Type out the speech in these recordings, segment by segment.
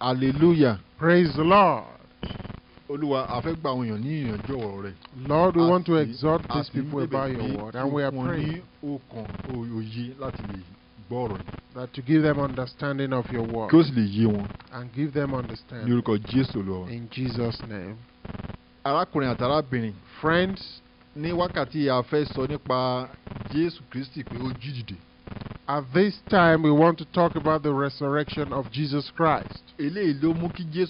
hallelujah. praise the lord. Olúwa a fẹ́ gba àwọn èèyàn ní ìyànjú ọ̀rọ̀ rẹ. Lord we want to exhort these people about your word and we are praying. Àti ní okàn òye láti lè gbọ́ ọ̀rọ̀ yìí. That to give them understanding of your word. Kí ó sì lè yé wọn. And give them understanding. Ní orúkọ Jésù lọ. In Jesus' name. Arákùnrin àti arábìnrin. Friends. Ní wákàtí a fẹ́ sọ nípa Jésù Kristi pé ó jí dìde. At this time, we want to talk about the resurrection of Jesus Christ. The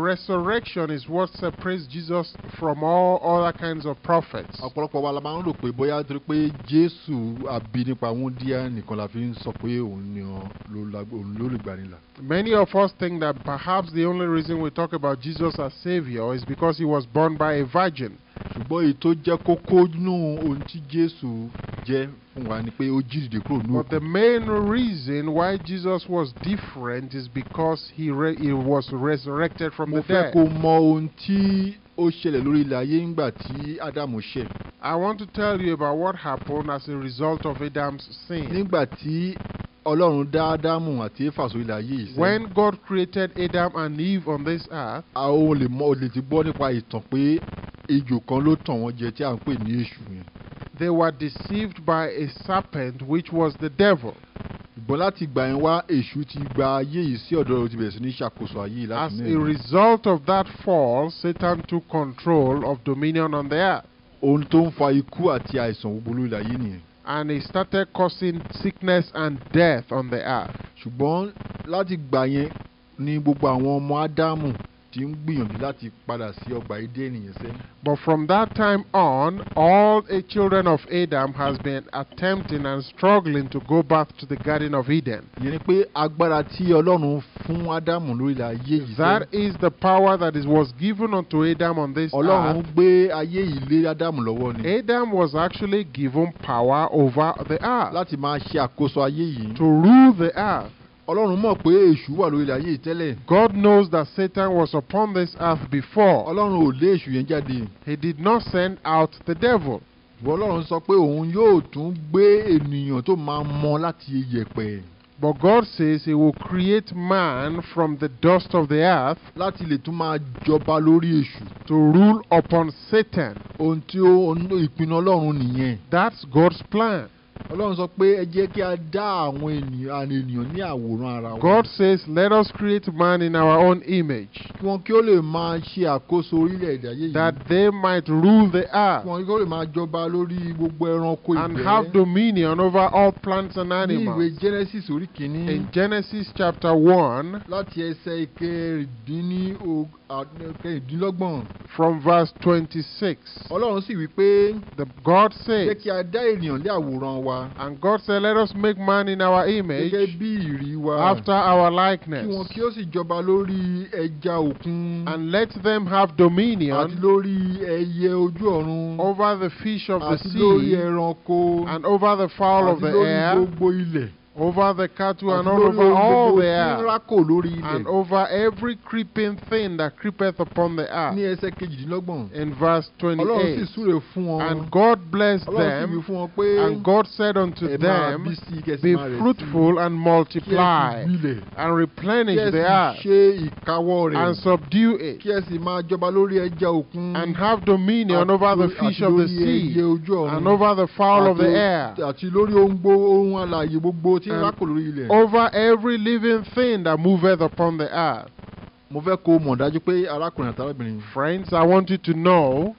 resurrection is what separates Jesus from all other kinds of prophets. Many of us think that perhaps the only reason we talk about Jesus as saviour is because he was born by a virgin. ṣùgbọ́n èyí tó jẹ́ kókó nínú ohun tí Jésù jẹ́ fún wa ni pé ó jí kúrò ní òkú. But the main reason why Jesus was different is because he, re he was resurrected from the dead. Mo fẹ́ kó mọ ohun tí ó ṣẹlẹ̀ lórí ilẹ̀ ayé ńgbà tí Ádámù ṣẹ̀. I want to tell you about what happened as a result of Adam's sin. Nígbà tí Ọlọ́run dá Ádámù àti Éfà sórí ayé yìí. When God created Adam and Eve on this earth. Àwọn olè mọ olè ti gbọ́ nípa ìtàn pé ejò kan ló tàn wọ́n jẹ tí à ń pè ní èṣù yẹn. They were deceived by a serpent which was the devil. Ìbọn láti gbà yẹn wá èṣù ti gba ayé yìí sí ọ̀dọ̀ rẹ̀ bẹ̀rẹ̀ sí ní ṣàkóso ayé yìí láti mẹ́rin. As a result of that fall, Satan took control of dominion on the earth. Ohun tó ń fa ikú àti àìsàn gbogbo lórí ayé nìyẹn. And he started causing sickness and death on the earth. Ṣùgbọ́n láti gbà yẹn ni gbogbo àwọn ọmọ Ádámù ti ń gbìyànjú láti padà sí ọgbà Édẹ́nì yẹn sẹ́yìn. But from that time on, all the children of Adam has been attempting and struggling to go back to the Garden of Eden. Ìyẹn ni pé agbára tí Ọlọ́run fún Ádámù lórí ayé yìí. That is the power that was given unto Adam on this earth. Ọlọ́run gbé ayé yìí lé Ádámù lọ́wọ́ ni. Adam was actually given power over the earth. Láti máa ṣe àkóso ayé yìí. To rule the earth ọlọ́run mọ̀ pé èṣù wà lórí ayé tẹ́lẹ̀. God knows that Satan was upon this earth before. ọlọ́run ò lé èṣù yẹn jáde. He did not send out the devil. ìwọ ọlọ́run sọ pé òun yóò tún gbé ènìyàn tó máa mọ láti yẹ̀pẹ̀. But God says He will create man from the dust of the earth. Láti lè tún máa jọba lórí èṣù. To rule upon Satan. Ohun tí ó ìpinnu Ọlọ́run nìyẹn. That's God's plan. Ọlọ́run sọ pé ẹ jẹ́ kí a dá àwọn ènìyàn ènìyàn ní àwòrán ara wọn. God says let us create man in our own image. Kí wọn kí ó lè máa ṣe àkóso orílẹ̀-èdè ayé yìí. That they might rule the earth. Kí wọn kí ó lè máa jọba lórí gbogbo ẹranko ìgbẹ́. And have dominion over all plants and animals. Ní ìwé Genesis orí kìíní. In Genesis chapter one. Láti ẹsẹ̀ ìdínlọ́gbọ̀n. from verse twenty-six. ọlọ́run sì wí pé. the God said. jẹ́ kí a dá ènìyàn lé àwòrán wa. and God said let us make man in our image. gẹ́gẹ́ bí ìrí wa. after our likeness. kí wọn kí ó sì jọba lórí ẹja òkun. and let them have dominion. àti lórí ẹyẹ ojú ọ̀run. over the fish of the sea. àti lórí ẹranko. and over the fowl of the air. àti lórí gbogbo ilẹ̀. over the cattle and all over all the earth, and over every creeping thing that creepeth upon the earth. In verse 28, and God blessed them, and God said unto them, Be fruitful and multiply, and replenish the earth, and subdue it, and have dominion over the fish of the sea, and over the fowl of the air. Um, over every living thing that moveth upon the earth. Friends, I want you to know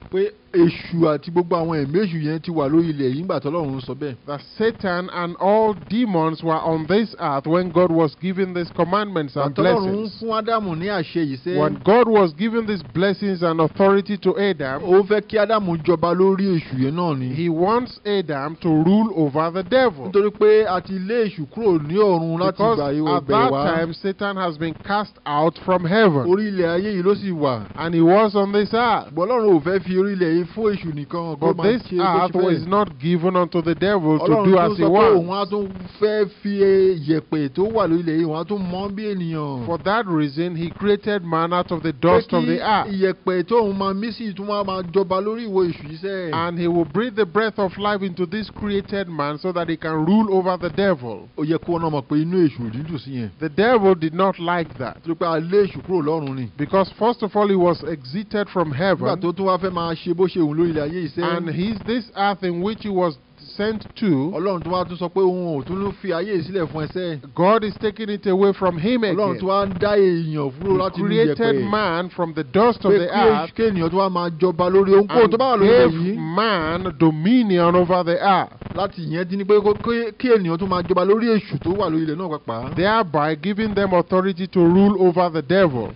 èṣù àti gbogbo àwọn yẹn ti wà lórí ilẹ̀ yìí tọ́lọ́run sọ bẹ́ẹ̀. that Satan and all demons were on this earth when God was giving these commandments and blessings. tọ́lọ́run fún Ádámù ní àṣẹ yìí when God was giving these blessings and authority to Adam. ó fẹ́ kí Ádámù jọba lórí èṣù yẹn náà ni. he wants Adam to rule over the devil. nítorí pé a ti lé èṣù kúrò ní ọ̀run láti yìí bẹ̀rẹ̀ wá. because at that time Satan has been cast out from heaven. orí ilẹ̀ ayé yìí ló sì wà. and he was on this earth. bọ́lọ́run ò fẹ́ fi orí ilẹ̀ yìí èèfó èṣù nìkan ọgbọ́n máa ṣe bó ṣe fẹ́. but this earth was not given unto the devil to do as he wants. ọlọ́run tó sọ pé òun á tún fẹ́ fi yẹ̀pẹ̀ tó wà lórílẹ̀ yìí òun á tún mọ́ bí ènìyàn. for that reason he created man out of the dust of the earth. pé kí yẹ̀pẹ̀ tó òun máa mí sí máa jọba lórí ìwọ èṣù iṣẹ́. and he will breathe the breath of life into this created man so that he can rule over the devil. ó yẹ kó mọ̀ pé inú èṣù sí yẹn. the devil did not like that. tó pé alé èṣù kúrò lọ́run ni. because first of all he was exited from heaven. nígbà tó tún wá fẹ́ máa ṣe bó ṣe òun lórí ilẹ̀ ayé iṣẹ́. and he this earth in which he was sent to. Ọlọ́run tó wá tún sọ pé òun ò tún fi ayé sílẹ̀ fún ẹsẹ̀. God is taking it away from him again. Ọlọ́run tó wá ń dá èèyàn fúró láti inú yẹpẹ. created man from the dust of the earth. Pé kí ènìyàn tó wá máa jọba lórí ohunkóhun tó bá wà lórí èyí. And gave man dominion over the earth. Láti ìyẹn dín ní pé kí ènìyàn tó máa jọba lórí èṣù tó wà lórí ilẹ̀ náà pàápàá. Thereby giving them authority to rule over the devil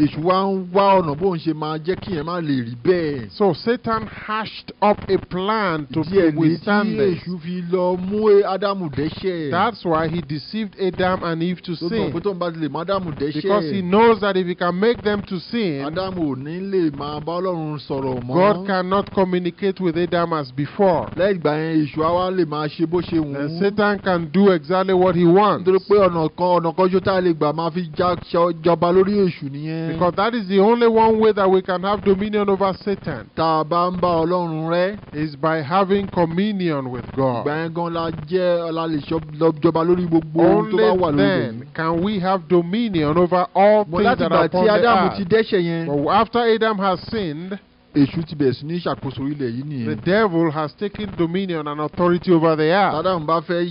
èṣù wa ń wá ọ̀nà bóun ṣe máa jẹ́ kí yẹn má lè rí bẹ́ẹ̀. so Satan hashed up a plan to yeah, withstand this. èṣù fi lọ mú Ádámù dẹ́ṣẹ̀. that's why he deceived Adam and Eve to sin. tó tó ń bá lè mú Ádámù dẹ́ṣẹ̀. because he knows that if he can make them to sin. Ádámù ò ní lè máa bá Ọlọ́run sọ̀rọ̀ mọ́. God cannot communicate with Adam as before. lẹ́yìn ìgbà yẹn èṣù àwa lè máa ṣe bó ṣe wù ú. and Satan can do exactly what he wants. nítorí pé ọ̀nà kan ọ̀nà kan Because that is the only one way that we can have dominion over Satan. rẹ́. Is by having communion with God. Only then can we have dominion over all things that are upon the earth. But after Adam has sinned èṣù ti bẹ̀rẹ̀ sí ní ilẹ̀ yìí nìyẹn. the devil has taken dominion and authority over the earth. bá fẹ́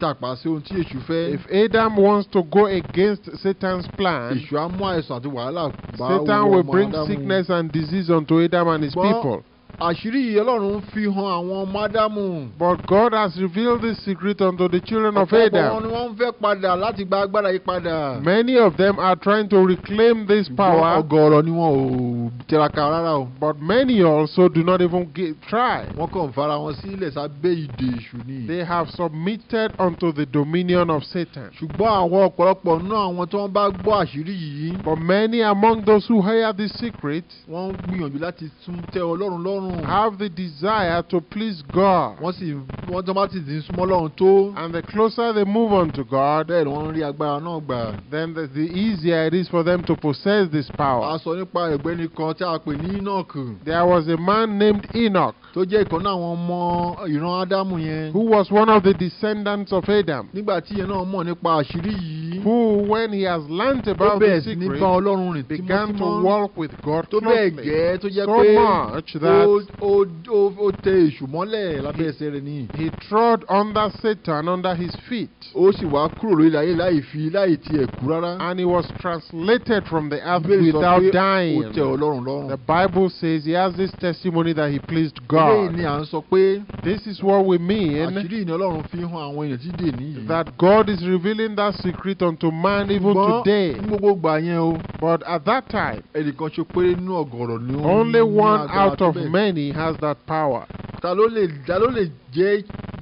tàpá sí ohun tí èṣù fẹ́. if Adam wants to go against Satan's plan. èṣù á mú àìsàn àti wàhálà Satan will bring sickness and disease unto Adam and his people. àṣírí yìí ọlọ́run fi hàn àwọn ọmọ but God has revealed this secret unto the children of Adam. ọ̀pọ̀ ni wọ́n fẹ́ padà láti gba agbára yìí padà. many of them are trying to reclaim this power. ọ̀gọ̀ọ̀rọ̀ ni wọn ò tiraka rárá o. but many also do not even get, try. wọ́n kàn fara wọn sílẹ̀ sábẹ́ ìdè èṣù ni. they have submitted unto the dominion of Satan. ṣùgbọ́n àwọn ọ̀pọ̀lọpọ̀ náà àwọn tí wọ́n bá gbọ́ àṣírí yìí. but many among those who hear this secret. wọ́n gbìyànjú láti tún tẹ ọlọ́run lọ́rùn Ọlọ́run. have the desire to please God. wọ́n sì wọ́n tó bá ti dín súnmọ́ Ọlọ́run tó. and the closer they move on to God. bẹ́ẹ̀ ni wọ́n ń rí agbára náà gbà. then the, the easier it is for them to possess this power. a sọ nípa ẹ̀gbẹ́ni kan tí a pè ní Enoch. there was a man named Enoch. tó jẹ́ ìkan náà àwọn ọmọ ìran Ádámù yẹn. who was one of the descendants of Adam. nígbà tí yẹn náà mọ̀ nípa àṣírí yìí. who when he has learnt about the secret. ó bẹ̀rẹ̀ sí ní bá Ọlọ́run rìn tímọ́tímọ́. began to walk with God closely. tó bẹ́ẹ̀ gẹ́ tó jẹ́ pé ó he trod under Satan under his feet. and he was translated from the earth without dying. the Bible says he has this testimony that he pleased God. this is what we mean. that God is revealing that secret unto man even today. but at that time. only one out of men has that power.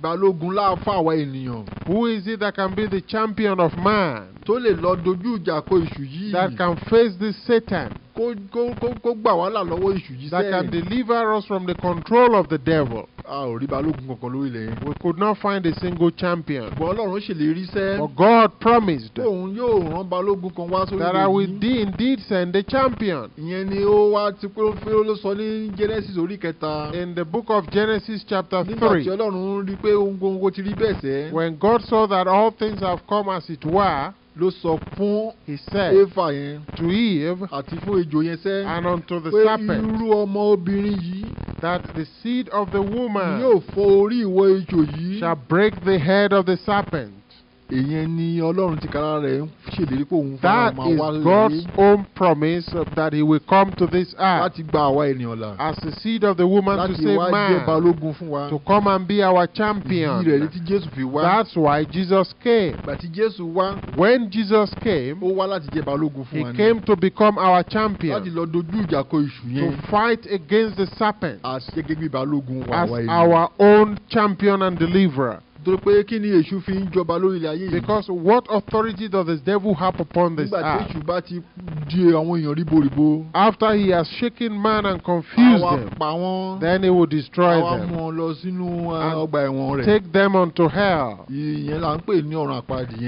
balógun àwa ènìyàn. Who is it that can be the champion of man? Tó lè lọ dojú ìjà kọ yìí. That can face this Satan. Kó kó kó gbà lọ́wọ́ yìí sẹ́yìn. That can deliver us from the control of the devil we could not find a single champion. but God promised. that I will indeed send a champion. ìyẹn ó wá Genesis in the book of Genesis chapter three. when God saw that all things have come as it were. ló sọ fún éfà yẹn to Eve àti fún ejò yẹn sẹ́ and unto the serpent pé irú ọmọ obìnrin yìí that the seed of the woman yóò fọ́ orí ìwọ ejò yìí shall break the head of the serpent èyàn ni ọlọ́run ti kára rẹ̀ ṣèlérí pé òun fẹ́ràn máa wá lé. that is God's own promise that he will come to this earth. láti gba àwa ènìyàn là. as the seed of the woman to save man. láti wá jẹ́ balógun fún wa. to come and be our champion. ìdí rẹ̀ ni tí Jésù fi wá. that's why Jesus came. bàtí Jésù wá. when Jesus came. ó wá láti jẹ́ balógun fún wa ni. he came to become our champion. láti lọ dojú ìjà kọ ìṣù yẹn. to fight against the serpent. as gẹ́gẹ́ bí balógun wa àwa ènìyàn. as our own champion and deliverer. torí pé kí ni èṣù fi ń jọba lórí ilẹ̀ ayé yìí. because what authority does the devil have upon this earth. nígbà tí èṣù bá ti di àwọn èèyàn ríboríbo. after he has shaken man and confused them. pa wọ́n. then he will destroy them. mú wọn lọ sínú uh, ọgbà ẹ̀wọ̀n rẹ̀. take them unto hell. ìyẹn là ń pè ní ọ̀run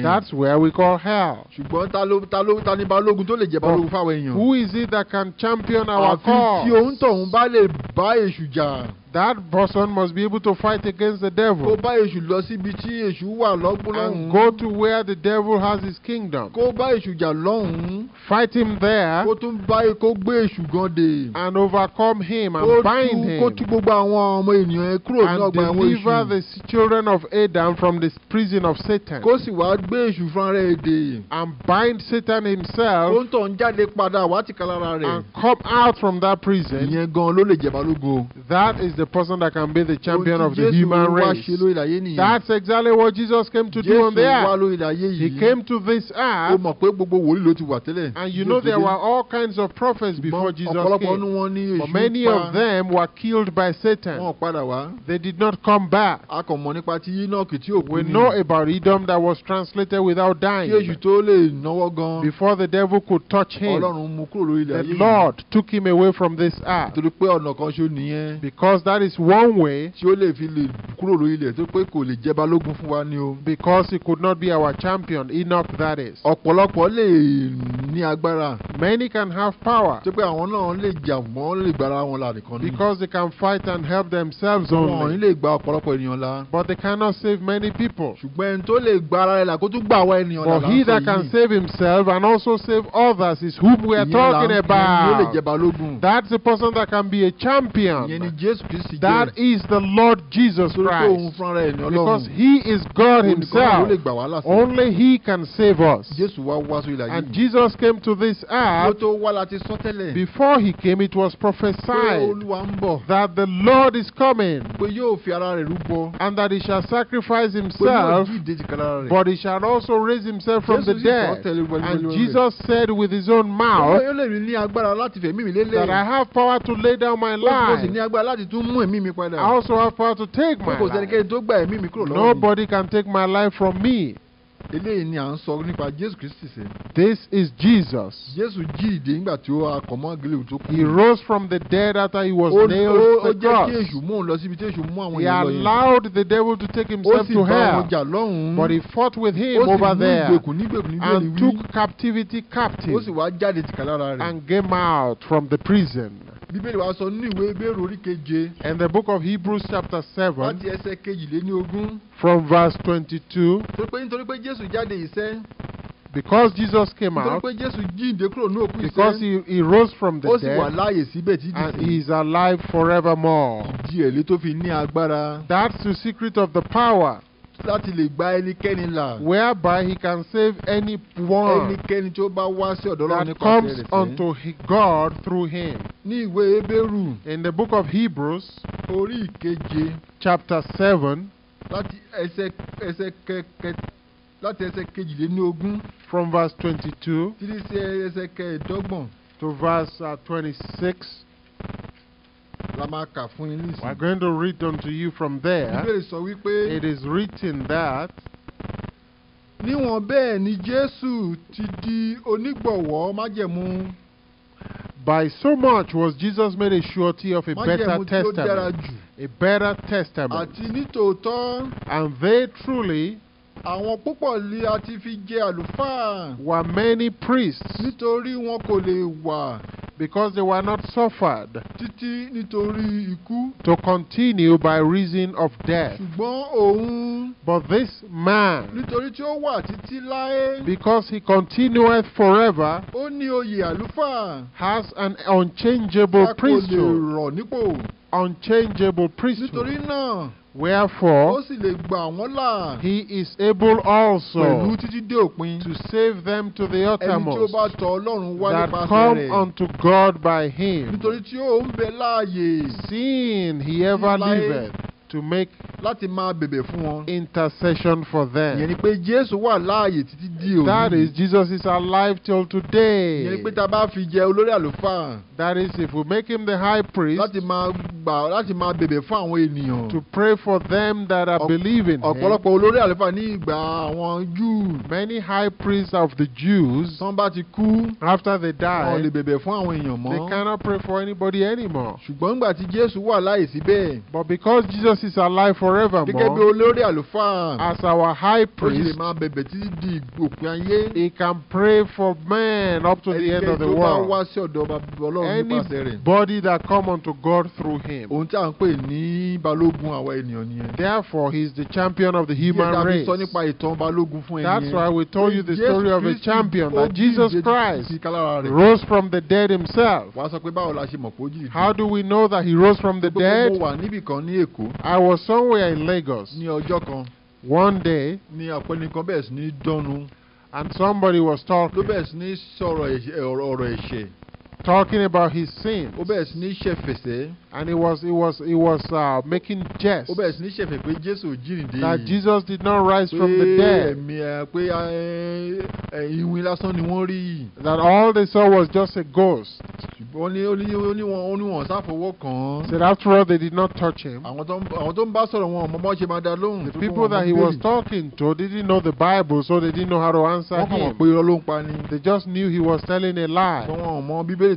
that's where we call hell. ṣùgbọ́n ta ló ta ló ta ni balógun tó lè jẹ balógun fáwọn èèyàn. who is it that can champion our cause. àfi tí òun bá lè bá èṣù jà. That person must be able to fight against the devil. And go to where the devil has his kingdom. Fight him there. And overcome him and kó bind him. And deliver the children of Adam from the prison of Satan. And bind Satan himself. And come out from that prison. Ìyẹn gan That is the person that can be the champion of the human race. That's exactly what Jesus came to do on the earth. He came to this earth. And you know there were all kinds of prophets before Jesus came. But many of them were killed by Satan. They did not come back. We know about Edom that was translated without dying. Before the devil could touch him, the Lord took him away from this earth. Because that is one way tí ó lè fi lè kúrò lórí tó pé kò lè jẹ́ balógun fún wa ni o. because he could not be our champion enough that is. ọ̀pọ̀lọpọ̀ lè ní agbára. many can have power. tó pé àwọn náà lè jà wọ́n lè gbára wọn là nìkan. because they can fight and help themselves only. wọ́n lè gba ọ̀pọ̀lọpọ̀ ènìyàn là. but they cannot save many people. ṣùgbọ́n ẹni tó lè gba rẹ̀ là kó tún gbà wá ènìyàn là. for he that can save himself and also save others is whom we are talking about. that's the person that can be a champion. ìyẹn ni Jésù Kristi jẹ́. that is the Lord Jesus Christ. Christ. Because He is God Himself. Only He can save us. And Jesus came to this earth. Before He came, it was prophesied that the Lord is coming and that He shall sacrifice Himself, but He shall also raise Himself from the dead. And Jesus said with His own mouth that I have power to lay down my life. I also have power to take my Nobody can take my life from me. This is Jesus. He rose from the dead after he was nailed to the cross. He allowed the devil to take himself to hell. But he fought with him over there and took captivity captive and came out from the prison. bíbélì wa sọ nínú ìwé Hébérù orí in the book of Hebrews chapter seven. láti ẹsẹ̀ kejìléníogún. from verse twenty-two. torí pé nítorí pé Jésù jáde ìṣẹ́. Because Jesus came out, because he, he rose from the dead, and he is alive forevermore. That's the secret of the power láti lè gba ẹnikẹ́ni là. whereby he can save any one. ẹnikẹ́ni tí ó bá wá sí ọ̀dọ̀ Ọlọ́run ní kọ́tẹ́rẹ́ that comes unto God through him. ní ìwé Hébérù. in the book of Hebrews. orí ìkeje. chapter seven. láti ẹsẹ̀ ẹsẹ̀ kẹkẹ láti ẹsẹ̀ kejìlélógún. from verse twenty-two. títí sí ẹsẹ̀ kẹẹ̀ẹ́dọ́gbọ̀n. to verse uh, twenty-six. Uh, la máa kà fún yín nísìnyí. we are going to read unto you from there. ìbéèrè sọ wípé. it is written that. níwọ̀n bẹ́ẹ̀ ni Jésù ti di onígbọ̀wọ́ májẹ̀mú. By so much was Jesus made a surety of a better testament. A better testament. Àti nítòótọ́. And they truly. Àwọn púpọ̀ ni a fi jẹ àlùfáà. Were many priests. Nítorí wọn kò lè wà. because they were not suffered títí nítorí ikú to continue by reason of death. ṣùgbọ́n òun. but this man. nítorí tí ó wà títí because he continueth forever. ó ní oyè àlùfáà. has an unchangeable priesthood. unchangeable priesthood. nítorí náà. Wherefore, ó sì lè gbà wọ́n là. He is able also. Pẹ̀lú títí dé òpin. To save them to the uttermost. Ẹni tí ó bá tọ̀ Ọlọ́run wá nípasẹ̀ rẹ̀. That come unto God by him. Nítorí tí ó ń bẹ láàyè. Seeing he ever liveth. to make láti máa bèbè fún wọn. intercession for them. pé Jésù wà láàyè títí di òní. that is Jesus is alive till today. pé tá bá fi jẹ olórí àlùfáà. that is if we make him the high priest. láti máa gbà láti máa bèbè fún àwọn ènìyàn. to pray for them that are believing. ọ̀pọ̀lọpọ̀ olórí àlùfáà ní ìgbà àwọn many high priests of the Jews. tán bá ti kú. after they die. wọn lè bèbè fún àwọn èèyàn mọ́. they cannot pray for anybody anymore. ṣùgbọ́n nígbà tí Jésù wà láàyè but because Jesus Jesus is alive forevermore. As our high priest. He can pray for men up to the end of the world. Ẹnikẹ́ni Anybody that come unto God through him. Therefore he is the champion of the human race. That's why we told you the story of a champion that Jesus Christ rose from the dead himself. How do we know that he rose from the dead? I was somewhere in Lagos. ní ọjọ́ kan. one day. ni ọ̀pẹ̀nìkan bẹ̀rẹ̀ sí ní dọ́nu. and somebody was talking. ló bẹ̀rẹ̀ sí ní sọ̀rọ̀ ọ̀rọ̀ ẹ̀ṣẹ̀ talking about his sins. ó bẹ̀rẹ̀ sí ní ṣẹ̀fẹ̀sẹ̀. and he was he was he was uh, making jest. ó bẹ̀rẹ̀ sí ní ṣẹ̀fẹ̀ pé Jésù jínde. that Jesus did not rise from the dead. pé ẹ̀mí ẹ̀ pé ìwìn lásán ni wọ́n rí. that all they saw was just a ghost. ó ní ó ní wọn ó wọn sáfọwọ́ kàn said after all they did not touch him. àwọn tó ń àwọn tó ń bá sọ̀rọ̀ wọn ọmọ ọmọ ṣe máa dá lóhùn. the people that he was talking to didn't know the Bible so they didn't know how to answer him. wọ́n kàn wọ́n pé irọ́ pa ni. they just knew he was telling a lie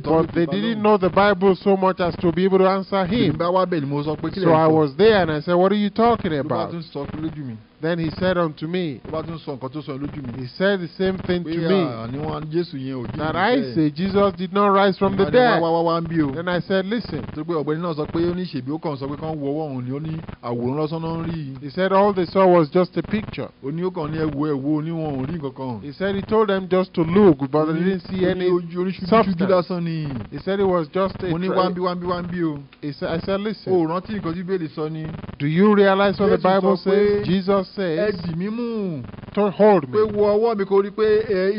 béèrè tó. but they didn't know the Bible so much as to be able to answer him. ìgbà wá bẹ̀ ni mo sọ pé kílẹ̀. so I was there and I said what are you talking about. ló bá tún sọ pé lójú mi. Then he said unto me. Ó bá tún sọ nǹkan tó sọ lójú mi. He said the same thing to me. Ní wọn Jésù yẹn ò jí. That I say Jesus did not rise from the dead. Wá wá wá ń bí o. Then I said listen. Tó pé ọ̀gbẹ́ni náà sọ pé ó ní ṣèbí ó kàn sọ pé kán wo ọwọ́ òun ni ó ní àwòrán lọ́sán náà ń rí. He said all they saw was just a picture. Ó ní ó kàn ní ẹ̀wò ẹ̀wò oníwọ̀n ò rí nǹkan kan. He said he told them just to look but they didn't see any substance. Ojú oríṣiríṣi lásán ni. he said it was just a. mo ní wáńbí wáńbí wáńbí o. he said I said listen. o oh, rántí nǹkan tí bẹ́ẹ̀ sọ ni. do you realize what the bible says. Jesus says. ẹ dì to hold me. pé wo ọwọ́ mi kò rí pé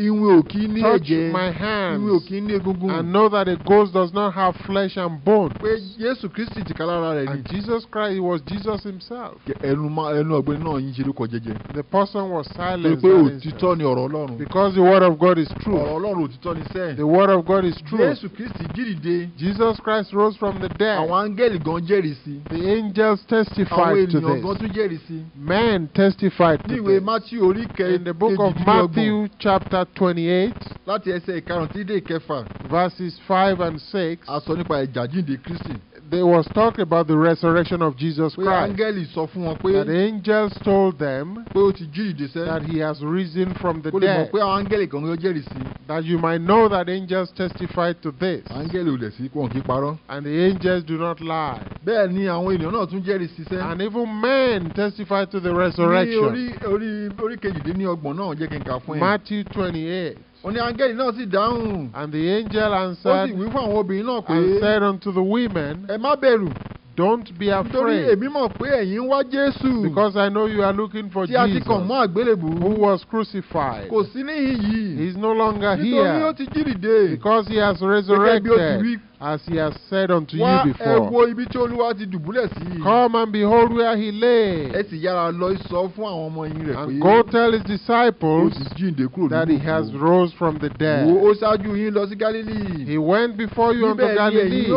iwin ò ní ẹ̀jẹ̀. touch my hands. iwin ò ní egungun. and know that the ghost does not have flesh and bone. pé Jésù Kristi tìka lára rẹ̀ ni. and Jesus Christ was Jesus himself. ẹnu ẹnu ọ̀gbẹ́ni náà yín ṣe lóko jẹ́jẹ́. the person was silent. pé òtítọ́ ni ọ̀rọ̀ Ọlọ́run. because the word of God is true. ọ̀rọ̀ Ọlọ́run òtítọ́ ni sẹ́yìn. the word of God is true. Jésù Kristi jí Jesus Christ rose from the dead. Àwọn áńgẹ́lì gan jẹ́rìí The angels testified to this. Àwọn ènìyàn gan tún jẹ́rìí Men testified to this. Ní ìwé Matthew In the book of Matthew chapter twenty-eight. Láti ẹsẹ̀ ìkarùn-ún tí dé ìkẹfà. Verses five and six. A sọ nípa ìjà jíǹde Kristi they was talking about the resurrection of Jesus Christ. pé áńgẹ́lì sọ fún wọn pé. that angels told them. pé ó ti jí ìdè that he has risen from the dead. kó lè mọ̀ pé àwọn áńgẹ́lì kan ló jẹ́rìí sí. that you might know that angels testified to this. áńgẹ́lì ò lè sí wọn kì í parọ́. and the angels do not lie. bẹ́ẹ̀ ni àwọn ènìyàn náà tún jẹ́rìí sí and even men testified to the resurrection. ní orí orí orí kejìdínlọ́gbọ̀n náà jẹ́ kí n kà fún yín. Matthew twenty-eight ó ní náà sì dáhùn. and the angel answered. ó sì wí fún àwọn obìnrin náà pé. and said unto the women. ẹ má bẹ̀rù. Don't be afraid. Jésù. Because I know you are looking for Jesus. a Who was crucified. Kò He is no longer here. Because he has resurrected. As he has said unto you before. Come and behold where he lay. sọ And go tell his disciples. That he has rose from the dead. Galilee. He went before you unto Galilee.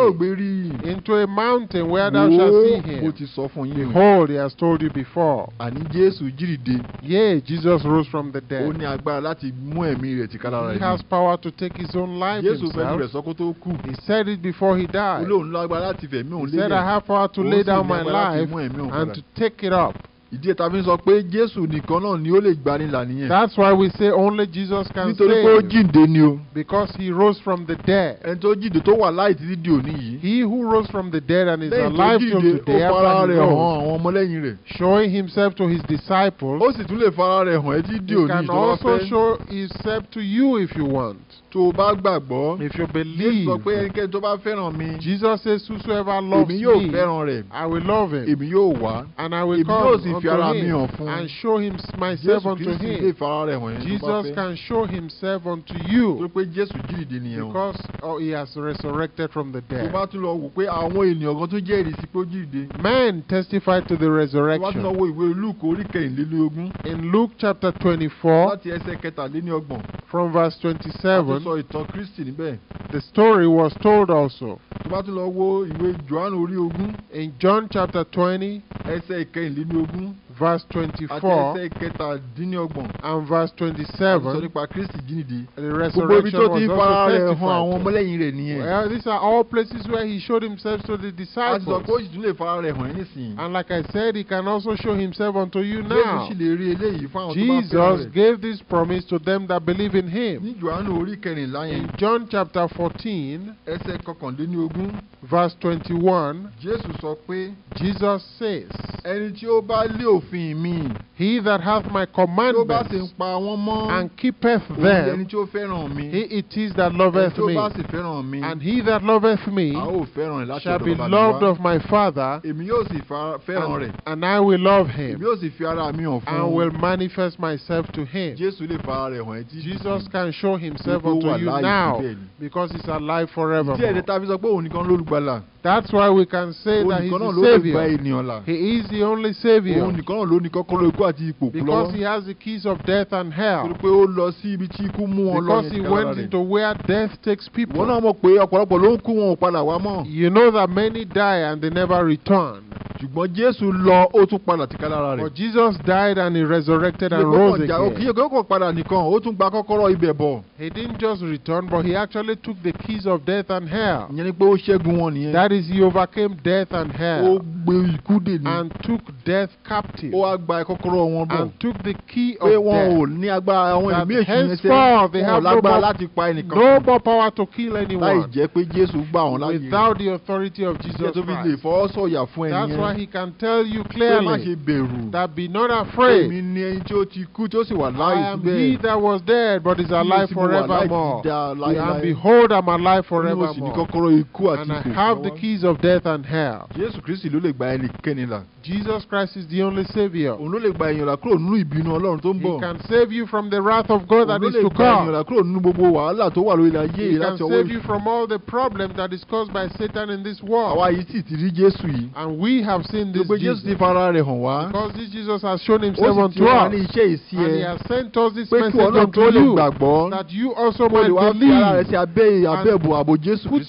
Into a mountain where that thou shalt see him. Ó ti sọ fún yín. Behold, he has told you before. Àní Jésù jíǹde. Yea, Jesus rose from the dead. Ó ní agbára láti mú ẹ̀mí rẹ̀ tì rẹ̀. He has power to take his own life Jésù himself. Jésù rẹ̀ sọ kó tó kú. He said it before he died. Olóhùn lágbára láti fẹ̀mí òun He said I have power to lay down my life and to take it up ìdí ẹ̀ta fi ń sọ pé jésù nìkan náà ni ó lè gbani là nìyẹn. that's why we say only Jesus can save. nítorí pé ó jíǹde ni o. because he rose from the dead. ẹni tó jíǹde tó wà láì títí di òní yìí. he who rose from the dead and is alive till today after he rose. lẹ́yìn tó jíǹde ó fara rẹ̀ hàn àwọn ọmọlẹ́yìn rẹ̀. showing himself to his disciples. ó sì tún lè fara rẹ̀ hàn di òní ìjọba fẹ́. he can also show himself to you if you want. tó o bá gbàgbọ́. if you believe. Jésù sọ pé ẹnikẹ́ni tó bá fẹ́ràn mi. Jesus says whosoever loves me. èmi yóò fẹ́ràn rẹ̀. I will love him. èmi yóò wá. and I will come. unto him and show himself myself unto him. Jesus can show himself unto you because oh, he has resurrected from the dead. tó bá tún lọ wò pé àwọn ènìyàn kan tó jẹ́rìí sí pé ó jíǹde. men testify to the resurrection. tó bá tún lọ wo ìwé Luke orí kẹrìnlélógún. in Luke chapter twenty-four. láti ẹsẹ̀ kẹtàléníọgbọ̀n. from verse twenty-seven. wọ́n sọ ìtàn Kristi níbẹ̀. the story was told also. tó bá tún lọ wo ìwé Jòhánù orí ogún. in John chapter twenty ẹsẹ̀ ìkẹyìnlélógún verse twenty-four àti ẹsẹ̀ kẹtàdínlọ́gbọ̀n and verse twenty-seven sọ nípa Kristi jíǹde the resurrection was also testified gbogbo ibi tó ti fara rẹ̀ hàn àwọn ọmọlẹ́yìn rẹ̀ nìyẹn. well these are all places where he showed himself to the disciples. àti ọ̀pọ̀ òjì tún lè fara rẹ̀ hàn nísìnyí. and like I said he can also show himself unto you now. Jésù sì lè rí eléyìí fún àwọn tó bá fẹ́ rẹ̀. Jesus gave this promise to them that believe in him. ní Jòhánù orí kẹrìnlá yẹn. in John chapter fourteen. ẹsẹ̀ kọkàndínlógún. verse twenty-one. Jésù sọ pé. Jesus says. ẹni tí ó bá lé òfin. òfin mi. He that hath my commandments. Tó bá sì pa wọ́n mọ́. And keepeth them. ẹni tí ó fẹ́ràn mi. He it is that loveth me. Ẹni bá sì fẹ́ràn mi. And he that loveth me. A ó fẹ́ràn mi wá. Shall be loved of my father. Èmi yóò sì fẹ́ràn rẹ̀. And I will love him. Èmi yóò sì fi ara mi hàn fún And will manifest myself to him. Jésù lè rẹ̀ hàn Jesus can show himself unto you now because he's alive forever. sọ pé òun nìkan lólùgbàlà. That's why we can say that he's the saviour. He is the only saviour náà ló ní àti ipò because he has the keys of death and hell. torí pé ó lọ sí ibi tí ikú mú wọn lọ yẹn kára rẹ̀. because he went into where death takes people. wọn náà mọ̀ pé ọ̀pọ̀lọpọ̀ ló ń kú wọn ò padà wá mọ́. you know that many die and they never return. ṣùgbọ́n Jésù lọ ó tún padà rẹ̀. but Jesus died and he resurrected and rose again. kì padà nìkan ó tún gba kọ́kọ́rọ́ ibẹ̀ bọ̀. he didn't just return but he actually took the keys of death and hell. ìyẹn ni pé ó ṣẹ́gun wọn nìyẹn. that is he overcame death and hell. ó gbé ikú dè ní. and took death captive you. and took the key of death. pé henceforth, they have agbára no more power to kill anyone. without the authority of Jesus Christ. that's why he can tell you clearly. that be not afraid. I am he that was dead but is alive forevermore. and behold I'm alive forevermore. and I have the keys of death and hell. Jesus Christ Jesus Christ is the only Savior. He can save you from the wrath of God that is to come. He can save you from all the problems that is caused by Satan in this world. And we have seen this Jesus. Because this Jesus has shown himself unto us. And he has sent us this message unto you. That you also might believe. and Put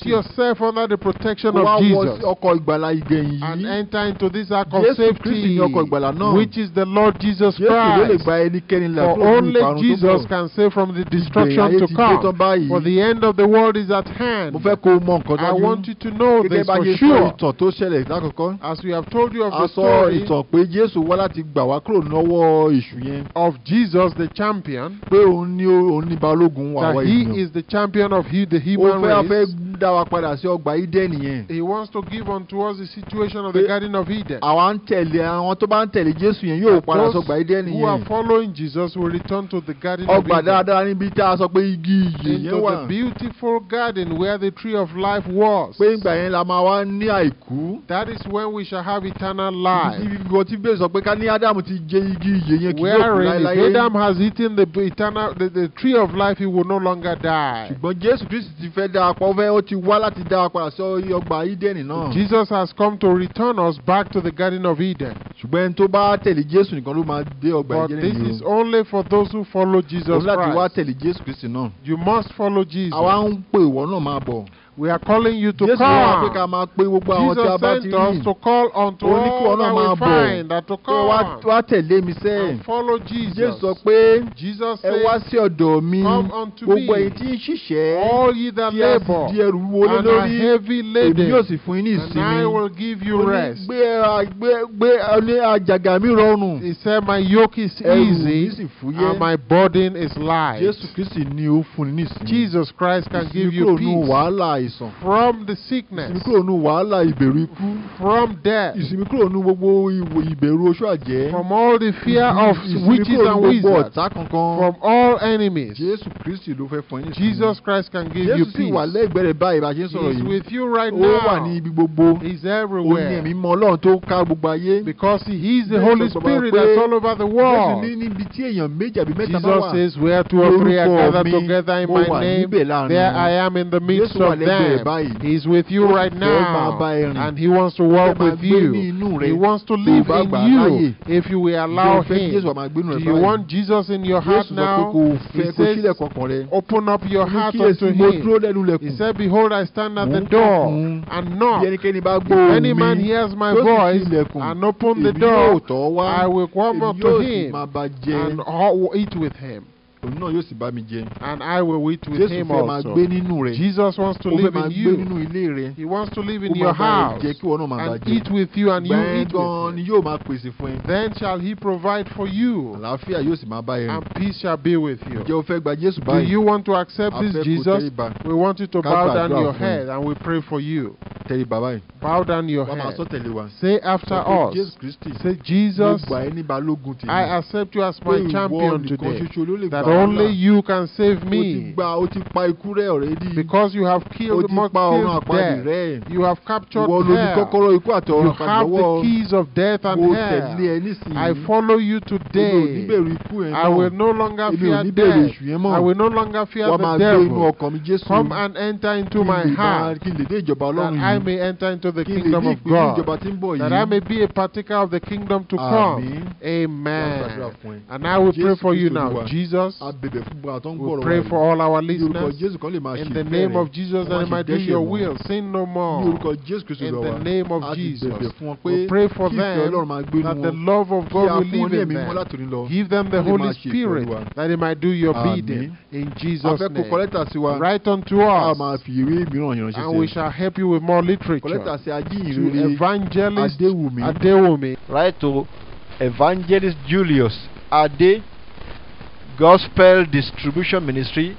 yourself under the protection of Jesus. And enter into this act of safety which is the Lord Jesus Christ. for only Jesus can save from the destruction to come. for the end of the world is at hand. I want you to know this for sure. as we have told you of the story. a of Jesus the champion. that he is the champion of he, the human race. he wants to give unto us the situation of the garden of Eden. tẹ̀lé Jésù yẹn yóò padà sọ gbà Édẹ́nì yẹn. Those who are following Jesus will return to the garden of Eden. Ọgbà dáadáa níbi tá a sọ pé igi ìyè yẹn wà. Into the beautiful garden where the tree of life was. Pé ìgbà yẹn la máa wá ní àìkú. That is when we shall have eternal life. Ibi ìgbọ̀ tí bẹ́ẹ̀ sọ pé ká ní Ádámù ti jẹ igi ìyè yẹn kí yóò kú láéláé. Wherein Adam has eaten the eternal the, the tree of life he will no longer die. Ṣùgbọ́n Jésù Kristi ti fẹ́ dáa pa ọ̀fẹ́ ó ti wá láti dáa padà sí ọgbà Édẹ́nì náà. Jesus has come to return us back to the garden of Eden. Ṣùgbọ́n ẹni tó bá tẹ̀lé Jésù nìkan ló máa dé ọgbà ìjẹ́rìí yìí But this is only for those who follow Jesus Christ. o láti wá tẹ̀lé Jésù Kristi náà. You must follow Jesus. àwa ń pè ìwọ náà máa bọ̀. We are calling you to Jésù wà Jesus sent us to call unto all that we find that to come. Pé wá tẹ̀lé mi sẹ́yìn. And follow Jesus. Jésù sọ pé ẹ wá sí ọ̀dọ̀ mi. Come unto me. Gbogbo èyí tí ń ṣiṣẹ́. All ye that labour. di ẹrù wọlé lórí. And are heavy laden. Èmi yóò sì fún yín ní ìsinmi. And I will give you rest. Gbé gbé gbé ní àjàgà mi rọrùn. He said my yoke is easy. Ẹrù mi sì fúyẹ́. And my burden is light. Jésù Kristì ni ó fún ní ìsinmi. Jesus Christ can give you peace. àìsàn. from the sickness. ìsinmi kúrò nínú wàhálà ìbẹ̀rù ikú. from death. ìsinmi kúrò nínú gbogbo ìbẹ̀rù oṣù àjẹ́. from all the fear of witches and wizards. from all enemies. Jésù Kristi ló fẹ́ fún Jesus Christ can give Jesus you peace. Jésù sì wà lẹ́gbẹ̀rẹ̀ báyìí bá a ṣe ń sọ̀rọ̀ yìí. he is with you right now. ó wà ní ibi gbogbo. he is everywhere. ó ẹ̀mí mọ́ Ọlọ́run tó ká gbogbo ayé. because he is the Holy Spirit that's all over the world. Jésù ní níbi tí èèyàn méjì àbí mẹ́ta bá wà. Jesus says where two or three are gathered together in my name there I am in the midst of them them. He's with you right now. And he wants to walk with you. He eh. wants to live in you if you will allow him. Do you want Jesus in your heart now? He says, eh. open up your heart unto him. He said, Behold, I stand at the door and knock. If any man hears my voice and open the door, I will come up to him and eat with him òun náà yóò sì bá mi jẹ. and I will wait with Jesus him also. fẹ́ máa gbé nínú rẹ. Jesus wants to live in you. ó fẹ́ máa gbé nínú ilé rẹ. he wants to live in your house. and eat with you and you eat with him. yóò máa pèsè fún ẹ. then shall he provide for you. àlàáfíà yóò sì máa bá ẹ. and peace shall be with you. ǹjẹ́ o fẹ́ gba Jésù báyìí? do you want to accept this Jesus? we want you to bow down your head and we pray for you. bow down your head. say after us. say Jesus. I accept you as my champion today. that only you can save me. Because you have killed death. You have captured hell. You have the keys of death and hell. I follow you today. I will no longer fear death. I will no longer fear the devil. Come and enter into my heart that I may enter into the kingdom of God. That I may be a partaker of the kingdom to come. Amen. And I will pray for you now. Jesus, we pray for all our listeners. In the name of Jesus, that they might do your will. Sin no more. In the name of Jesus. We pray for them that the love of God will live in them. Give them the Holy Spirit that they might do your bidding. In Jesus' name. Write unto us. And we shall help you with more literature. To evangelist Adewumi. Write to Evangelist Julius Ade. Gospel Distribution Ministry.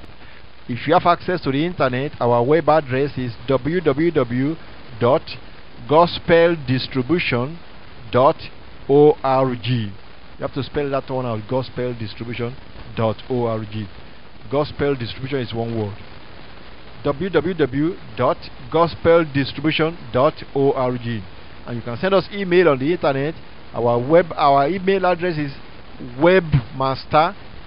If you have access to the internet, our web address is www.gospeldistribution.org. You have to spell that one out gospeldistribution.org. Gospel distribution is one word www.gospeldistribution.org and you can send us email on the internet our web our email address is webmaster